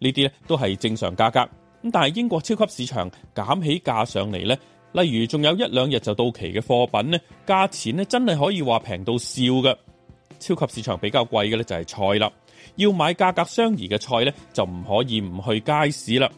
呢啲呢都係正常價格。咁但係英國超級市場減起價上嚟呢，例如仲有一兩日就到期嘅貨品呢，價錢呢真係可以話平到笑㗎。超級市場比較貴嘅呢就係菜啦，要買價格相宜嘅菜呢，就唔可以唔去街市啦。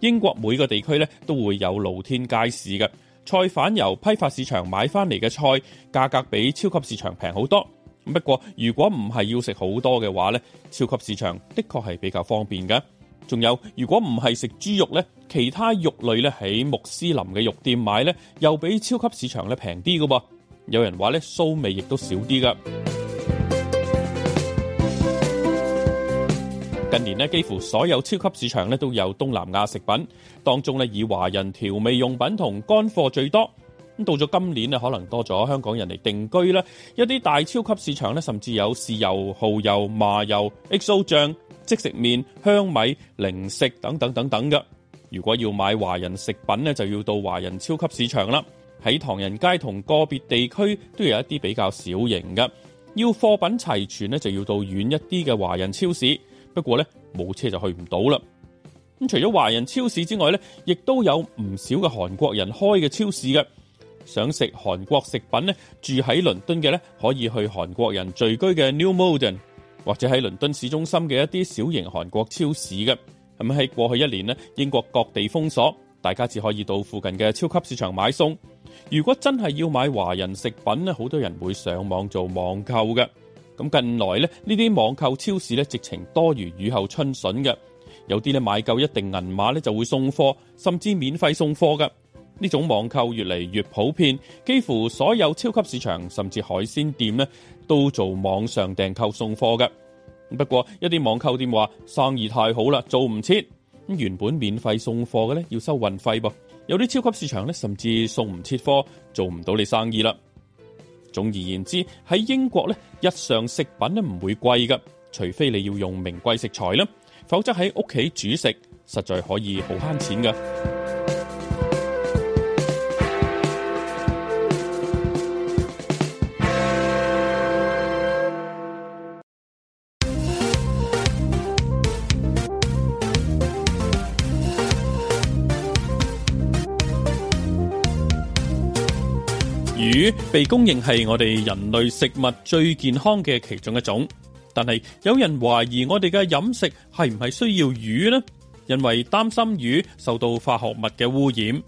英國每個地區咧都會有露天街市嘅，菜販由批發市場買翻嚟嘅菜，價格比超級市場平好多。不過如果唔係要食好多嘅話咧，超級市場的確係比較方便嘅。仲有如果唔係食豬肉咧，其他肉類咧喺穆斯林嘅肉店買咧，又比超級市場咧平啲嘅噃。有人話咧，騷味亦都少啲噶。近年咧，幾乎所有超級市場咧都有東南亞食品，當中咧以華人調味用品同乾貨最多。咁到咗今年啊，可能多咗香港人嚟定居啦。一啲大超級市場咧，甚至有豉油、蠔油、麻油、XO 醬、即食麵、香米、零食等等等等嘅。如果要買華人食品咧，就要到華人超級市場啦。喺唐人街同個別地區都有一啲比較小型嘅，要貨品齊全咧，就要到遠一啲嘅華人超市。不過咧，冇車就去唔到啦。咁除咗華人超市之外咧，亦都有唔少嘅韓國人開嘅超市嘅。想食韓國食品咧，住喺倫敦嘅咧，可以去韓國人聚居嘅 New Malden，或者喺倫敦市中心嘅一啲小型韓國超市嘅。咁喺過去一年呢，英國各地封鎖，大家只可以到附近嘅超級市場買餸。如果真係要買華人食品咧，好多人會上網做網購嘅。咁近來咧，呢啲網購超市呢，直情多如雨後春筍嘅。有啲咧買夠一定銀碼呢，就會送貨，甚至免費送貨嘅。呢種網購越嚟越普遍，幾乎所有超級市場甚至海鮮店呢，都做網上訂購送貨嘅。不過一啲網購店話生意太好啦，做唔切。原本免費送貨嘅呢，要收運費噃。有啲超級市場呢，甚至送唔切貨，做唔到你生意啦。總而言之，喺英國咧，日常食品咧唔會貴噶，除非你要用名貴食材咧，否則喺屋企煮食，實在可以好慳錢噶。魚被公認係我哋人類食物最健康嘅其中一種，但係有人懷疑我哋嘅飲食係唔係需要魚呢？因為擔心魚受到化學物嘅污染，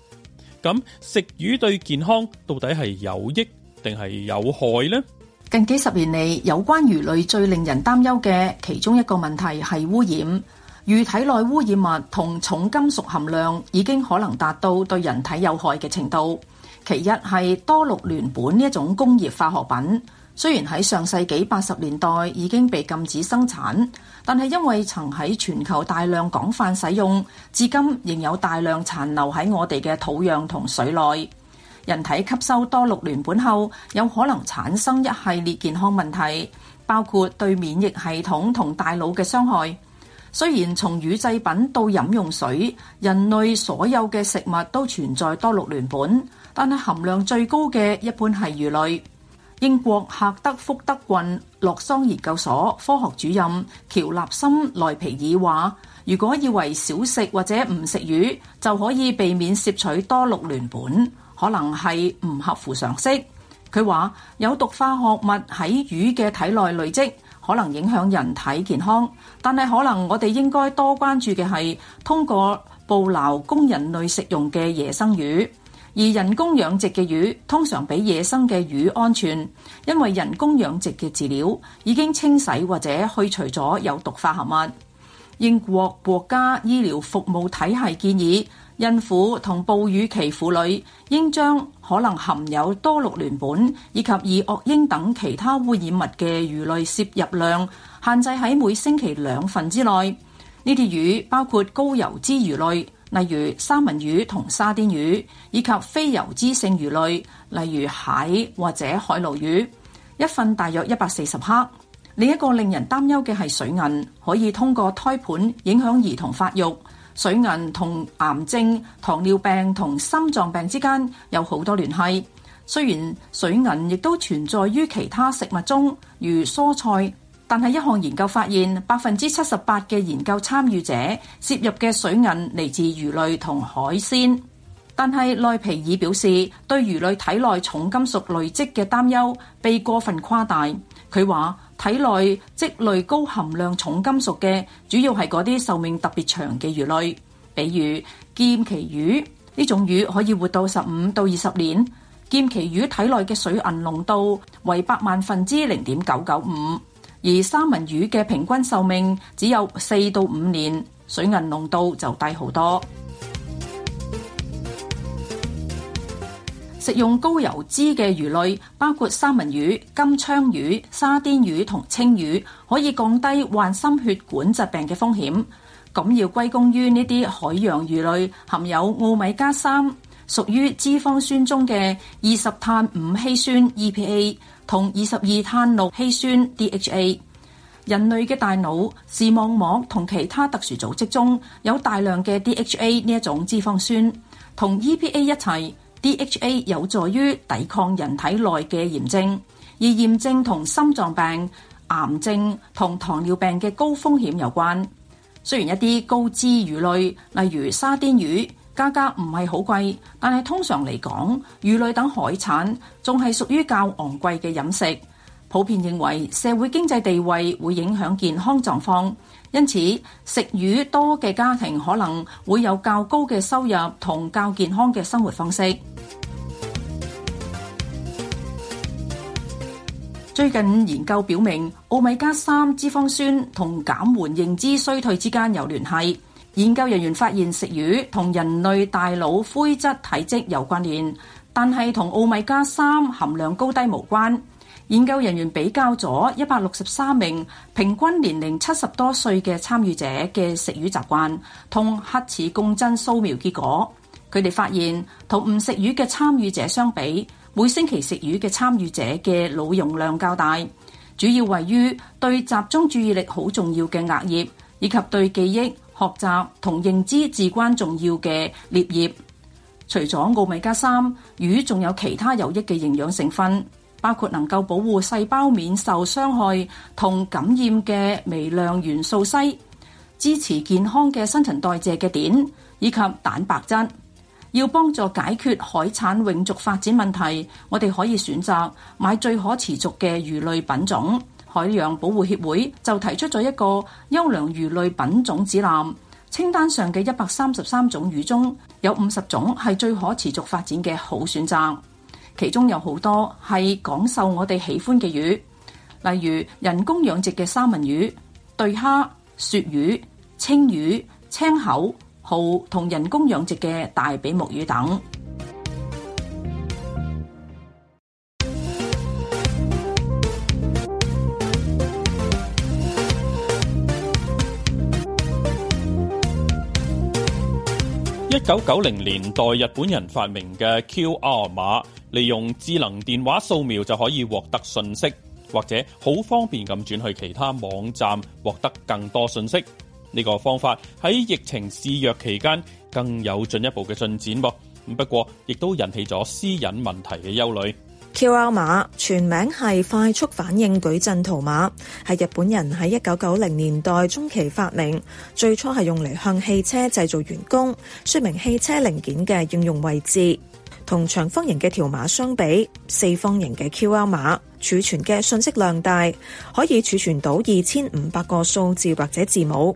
咁食魚對健康到底係有益定係有害呢？近幾十年嚟，有關魚類最令人擔憂嘅其中一個問題係污染，魚體內污染物同重金屬含量已經可能達到對人體有害嘅程度。其一係多氯聯苯呢一種工業化學品，雖然喺上世紀八十年代已經被禁止生產，但係因為曾喺全球大量廣泛使用，至今仍有大量殘留喺我哋嘅土壤同水內。人體吸收多氯聯苯後，有可能產生一系列健康問題，包括對免疫系統同大腦嘅傷害。雖然從乳製品到飲用水，人類所有嘅食物都存在多氯聯苯。但係含量最高嘅一般係魚類。英國赫德福德郡洛桑研究所科學主任喬納森內皮爾話，如果以為少食或者唔食魚就可以避免攝取多氯聯苯，可能係唔合乎常識。佢話有毒化學物喺魚嘅體內累積，可能影響人體健康。但係可能我哋應該多關注嘅係通過捕撈供人類食用嘅野生魚。而人工養殖嘅魚通常比野生嘅魚安全，因為人工養殖嘅飼料已經清洗或者去除咗有毒化合物。英國國家醫療服務體系建議，孕婦同哺乳期婦女應將可能含有多氯聯苯以及二惡英等其他污染物嘅魚類攝入量限制喺每星期兩份之內。呢啲魚包括高油脂魚類。例如三文魚同沙甸魚，以及非油脂性魚類，例如蟹或者海鱸魚，一份大約一百四十克。另一個令人擔憂嘅係水銀，可以通過胎盤影響兒童發育。水銀同癌症、糖尿病同心臟病之間有好多聯繫。雖然水銀亦都存在於其他食物中，如蔬菜。但係一項研究發現，百分之七十八嘅研究參與者攝入嘅水銀嚟自魚類同海鮮。但係內皮爾表示，對魚類體內重金屬累積嘅擔憂被過分誇大。佢話體內積累高含量重金屬嘅主要係嗰啲壽命特別長嘅魚類，比如劍旗魚呢種魚可以活到十五到二十年。劍旗魚體內嘅水銀濃度為百萬分之零點九九五。而三文魚嘅平均壽命只有四到五年，水銀濃度就低好多。 [MUSIC] 食用高油脂嘅魚類，包括三文魚、金槍魚、沙甸魚同青魚，可以降低患心血管疾病嘅風險。咁要歸功於呢啲海洋魚類含有奧米加三，屬於脂肪酸中嘅二十碳五烯酸 （EPA）。同二十二碳六烯酸 DHA，人類嘅大腦、視網膜同其他特殊組織中有大量嘅 DHA 呢一種脂肪酸，同 EPA 一齊，DHA 有助於抵抗人體內嘅炎症，而炎症同心臟病、癌症同糖尿病嘅高風險有關。雖然一啲高脂魚類，例如沙甸魚。價格唔係好貴，但係通常嚟講，魚類等海產仲係屬於較昂貴嘅飲食。普遍認為，社會經濟地位會影響健康狀況，因此食魚多嘅家庭可能會有較高嘅收入同較健康嘅生活方式。最近研究表明，奧米加三脂肪酸同減緩認知衰退之間有聯繫。研究人員發現食魚同人類大腦灰質體積有關聯，但係同奧米加三含量高低無關。研究人員比較咗一百六十三名平均年齡七十多歲嘅參與者嘅食魚習慣同核磁共振掃描結果，佢哋發現同唔食魚嘅參與者相比，每星期食魚嘅參與者嘅腦容量較大，主要位於對集中注意力好重要嘅額葉以及對記憶學習同認知至關重要嘅獵業，除咗奧米加三，魚仲有其他有益嘅營養成分，包括能夠保護細胞免受傷害同感染嘅微量元素硒，支持健康嘅新陳代謝嘅碘，以及蛋白質。要幫助解決海產永續發展問題，我哋可以選擇買最可持續嘅魚類品種。海洋保護協會就提出咗一個優良魚類品種指南，清單上嘅一百三十三種魚中有五十種係最可持續發展嘅好選擇，其中有好多係廣受我哋喜歡嘅魚，例如人工養殖嘅三文魚、對蝦、鱈魚、青魚、青口、蚝同人工養殖嘅大比目魚等。一九九零年代日本人發明嘅 QR 碼，利用智能電話掃描就可以獲得信息，或者好方便咁轉去其他網站獲得更多信息。呢個方法喺疫情肆虐期間更有進一步嘅進展噃，不過亦都引起咗私隱問題嘅憂慮。QR 碼全名係快速反應矩陣圖碼，係日本人喺一九九零年代中期發明，最初係用嚟向汽車製造員工說明汽車零件嘅應用位置。同長方形嘅條碼相比，四方形嘅 QR 碼儲存嘅信息量大，可以儲存到二千五百個數字或者字母，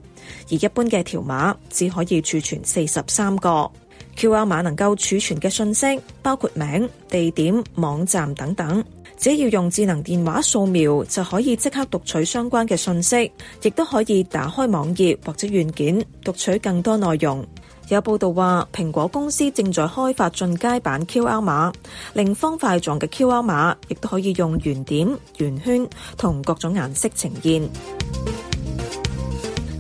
而一般嘅條碼只可以儲存四十三個。QR 碼能夠儲存嘅信息包括名、地點、網站等等，只要用智能電話掃描就可以即刻讀取相關嘅信息，亦都可以打開網頁或者軟件讀取更多內容。有報道話，蘋果公司正在開發進階版 QR 碼，令方塊狀嘅 QR 碼亦都可以用圓點、圓圈同各種顏色呈現。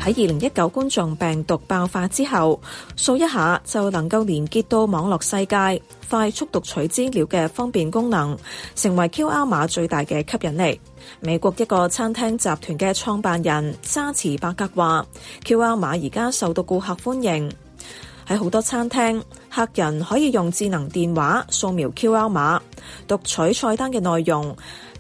喺二零一九冠狀病毒爆發之後，掃一下就能夠連結到網絡世界，快速讀取資料嘅方便功能，成為 QR 碼最大嘅吸引力。美國一個餐廳集團嘅創辦人沙慈伯格話：QR 碼而家受到顧客歡迎，喺好多餐廳，客人可以用智能電話掃描 QR 碼，讀取菜單嘅內容。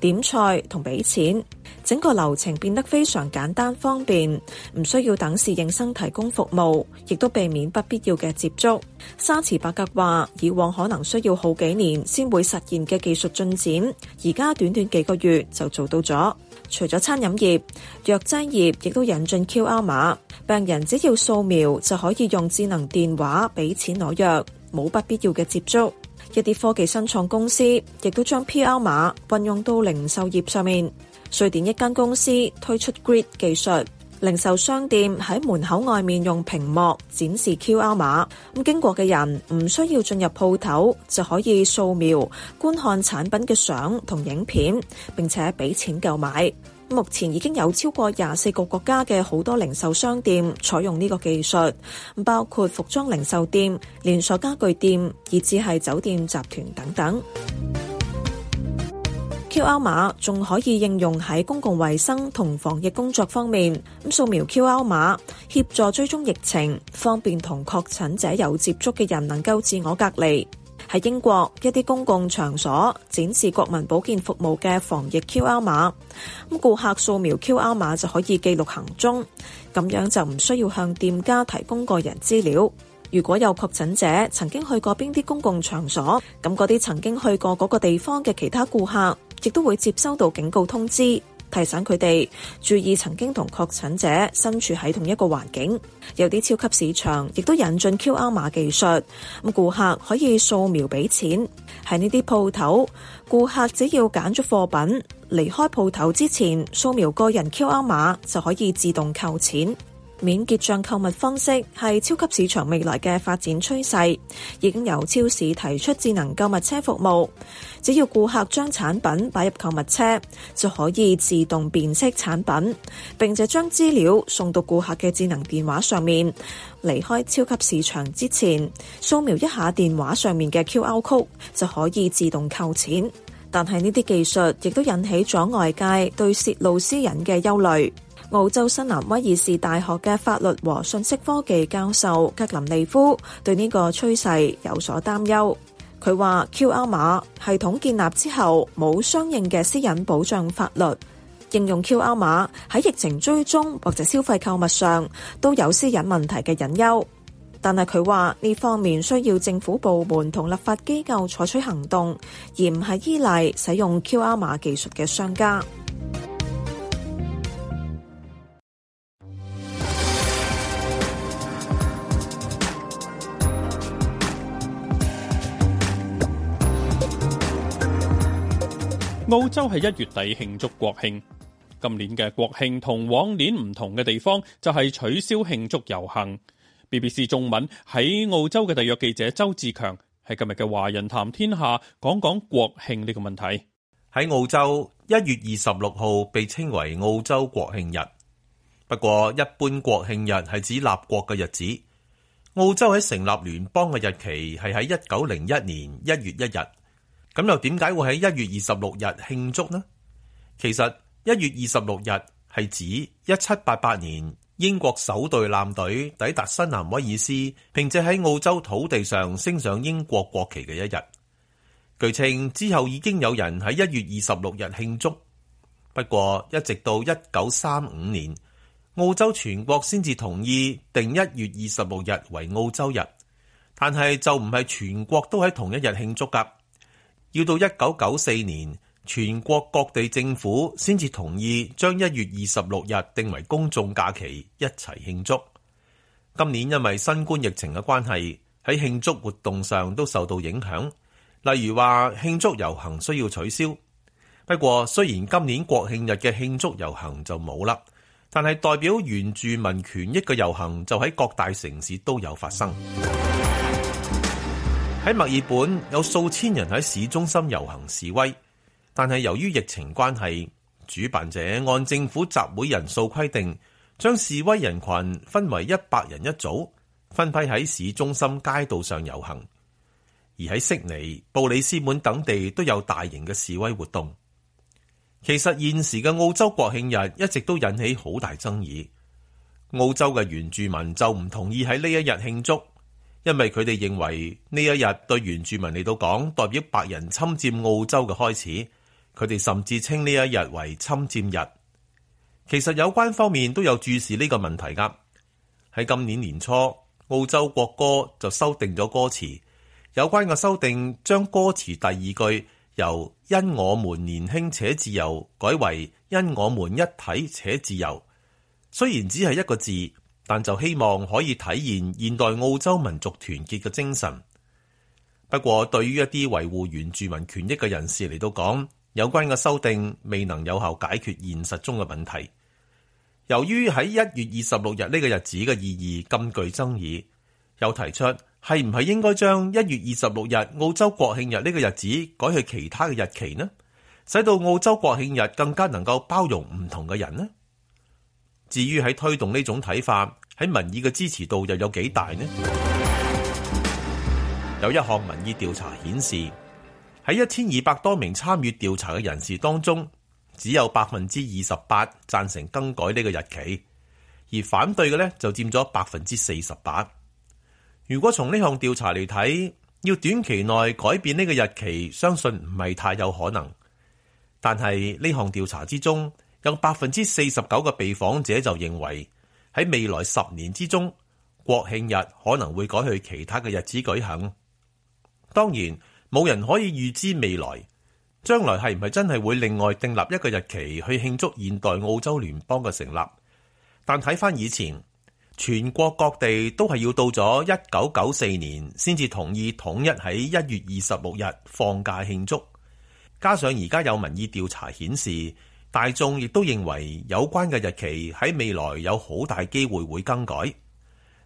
點菜同俾錢，整個流程變得非常簡單方便，唔需要等侍應生提供服務，亦都避免不必要嘅接觸。沙池伯格話：以往可能需要好幾年先會實現嘅技術進展，而家短短幾個月就做到咗。除咗餐飲業，藥劑業亦都引進 QR 碼，病人只要掃描就可以用智能電話俾錢攞藥，冇不必要嘅接觸。一啲科技新創公司亦都將 QR 碼運用到零售業上面。瑞典一間公司推出 Grid 技術，零售商店喺門口外面用屏幕展示 Q R 碼，咁經過嘅人唔需要進入鋪頭就可以掃描觀看產品嘅相片同影片，並且俾錢購買。目前已經有超過廿四個國家嘅好多零售商店採用呢個技術，包括服裝零售店、連鎖家具店，以至係酒店集團等等。 [NOISE] Q R 碼仲可以應用喺公共衛生同防疫工作方面，咁掃描 Q R 碼協助追蹤疫情，方便同確診者有接觸嘅人能夠自我隔離。喺英國一啲公共場所展示國民保健服務嘅防疫 QR 碼，咁顧客掃描 QR 碼就可以記錄行蹤，咁樣就唔需要向店家提供個人資料。如果有確診者曾經去過邊啲公共場所，咁嗰啲曾經去過嗰個地方嘅其他顧客，亦都會接收到警告通知。提醒佢哋注意，曾經同確診者身處喺同一個環境。有啲超級市場亦都引進 QR 碼技術，顧客可以掃描俾錢。喺呢啲鋪頭，顧客只要揀咗貨品，離開鋪頭之前掃描個人 QR 碼就可以自動扣錢。免結賬購物方式係超級市場未來嘅發展趨勢，已經由超市提出智能購物車服務。只要顧客將產品擺入購物車，就可以自動辨識產品，並且將資料送到顧客嘅智能電話上面。離開超級市場之前，掃描一下電話上面嘅 QR code 就可以自動扣錢。但係呢啲技術亦都引起咗外界對泄露私隱嘅憂慮。澳洲新南威爾士大學嘅法律和信息科技教授格林利夫對呢個趨勢有所擔憂。佢話 QR 碼系統建立之後冇相應嘅私隱保障法律，應用 QR 碼喺疫情追蹤或者消費購物上都有私隱問題嘅隱憂。但係佢話呢方面需要政府部門同立法機構採取行動，而唔係依賴使用 QR 碼技術嘅商家。澳洲係一月底慶祝國慶，今年嘅國慶同往年唔同嘅地方就係取消慶祝遊行。BBC 中文喺澳洲嘅特約記者周志強喺今日嘅華人談天下，講講國慶呢個問題。喺澳洲，一月二十六號被稱為澳洲國慶日。不過，一般國慶日係指立國嘅日子。澳洲喺成立聯邦嘅日期係喺一九零一年一月一日。咁又點解會喺一月二十六日慶祝呢？其實一月二十六日係指一七八八年英國首隊艦隊抵達新南威爾斯，並且喺澳洲土地上升上英國國旗嘅一日。據稱之後已經有人喺一月二十六日慶祝，不過一直到一九三五年澳洲全國先至同意定一月二十六日為澳洲日，但係就唔係全國都喺同一日慶祝噶。要到一九九四年，全國各地政府先至同意將一月二十六日定為公眾假期，一齊慶祝。今年因為新冠疫情嘅關係，喺慶祝活動上都受到影響，例如話慶祝遊行需要取消。不過雖然今年國慶日嘅慶祝遊行就冇啦，但係代表原住民權益嘅遊行就喺各大城市都有發生。喺墨爾本有數千人喺市中心遊行示威，但係由於疫情關係，主辦者按政府集會人數規定，將示威人群分為一百人一組，分批喺市中心街道上遊行。而喺悉尼、布里斯本等地都有大型嘅示威活動。其實現時嘅澳洲國慶日一直都引起好大爭議，澳洲嘅原住民就唔同意喺呢一日慶祝。因為佢哋認為呢一日對原住民嚟到講，代表白人侵佔澳洲嘅開始，佢哋甚至稱呢一日為侵佔日。其實有關方面都有注視呢個問題噶。喺今年年初，澳洲國歌就修訂咗歌詞，有關嘅修訂將歌詞第二句由「因我們年輕且自由」改為「因我們一體且自由」，雖然只係一個字。但就希望可以體現現代澳洲民族團結嘅精神。不過，對於一啲維護原住民權益嘅人士嚟到講，有關嘅修訂未能有效解決現實中嘅問題。由於喺一月二十六日呢個日子嘅意義咁具爭議，又提出係唔係應該將一月二十六日澳洲國慶日呢個日子改去其他嘅日期呢？使到澳洲國慶日更加能夠包容唔同嘅人呢？至於喺推動呢種睇法，喺民意嘅支持度又有幾大呢？ [MUSIC] 有一項民意調查顯示，喺一千二百多名參與調查嘅人士當中，只有百分之二十八贊成更改呢個日期，而反對嘅呢就佔咗百分之四十八。如果從呢項調查嚟睇，要短期內改變呢個日期，相信唔係太有可能。但係呢項調查之中，有百分之四十九嘅被訪者就認為喺未來十年之中，國慶日可能會改去其他嘅日子舉行。當然冇人可以預知未來，將來係唔係真係會另外訂立一個日期去慶祝現代澳洲聯邦嘅成立？但睇翻以前，全國各地都係要到咗一九九四年先至同意統一喺一月二十六日放假慶祝。加上而家有民意調查顯示。大眾亦都認為有關嘅日期喺未來有好大機會會更改，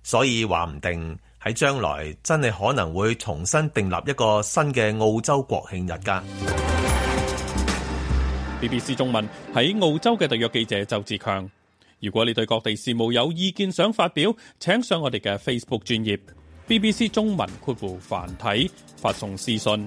所以話唔定喺將來真係可能會重新訂立一個新嘅澳洲國慶日噶。BBC 中文喺澳洲嘅特約記者周志強，如果你對各地事務有意見想發表，請上我哋嘅 Facebook 專頁 BBC 中文括弧繁體發送私信。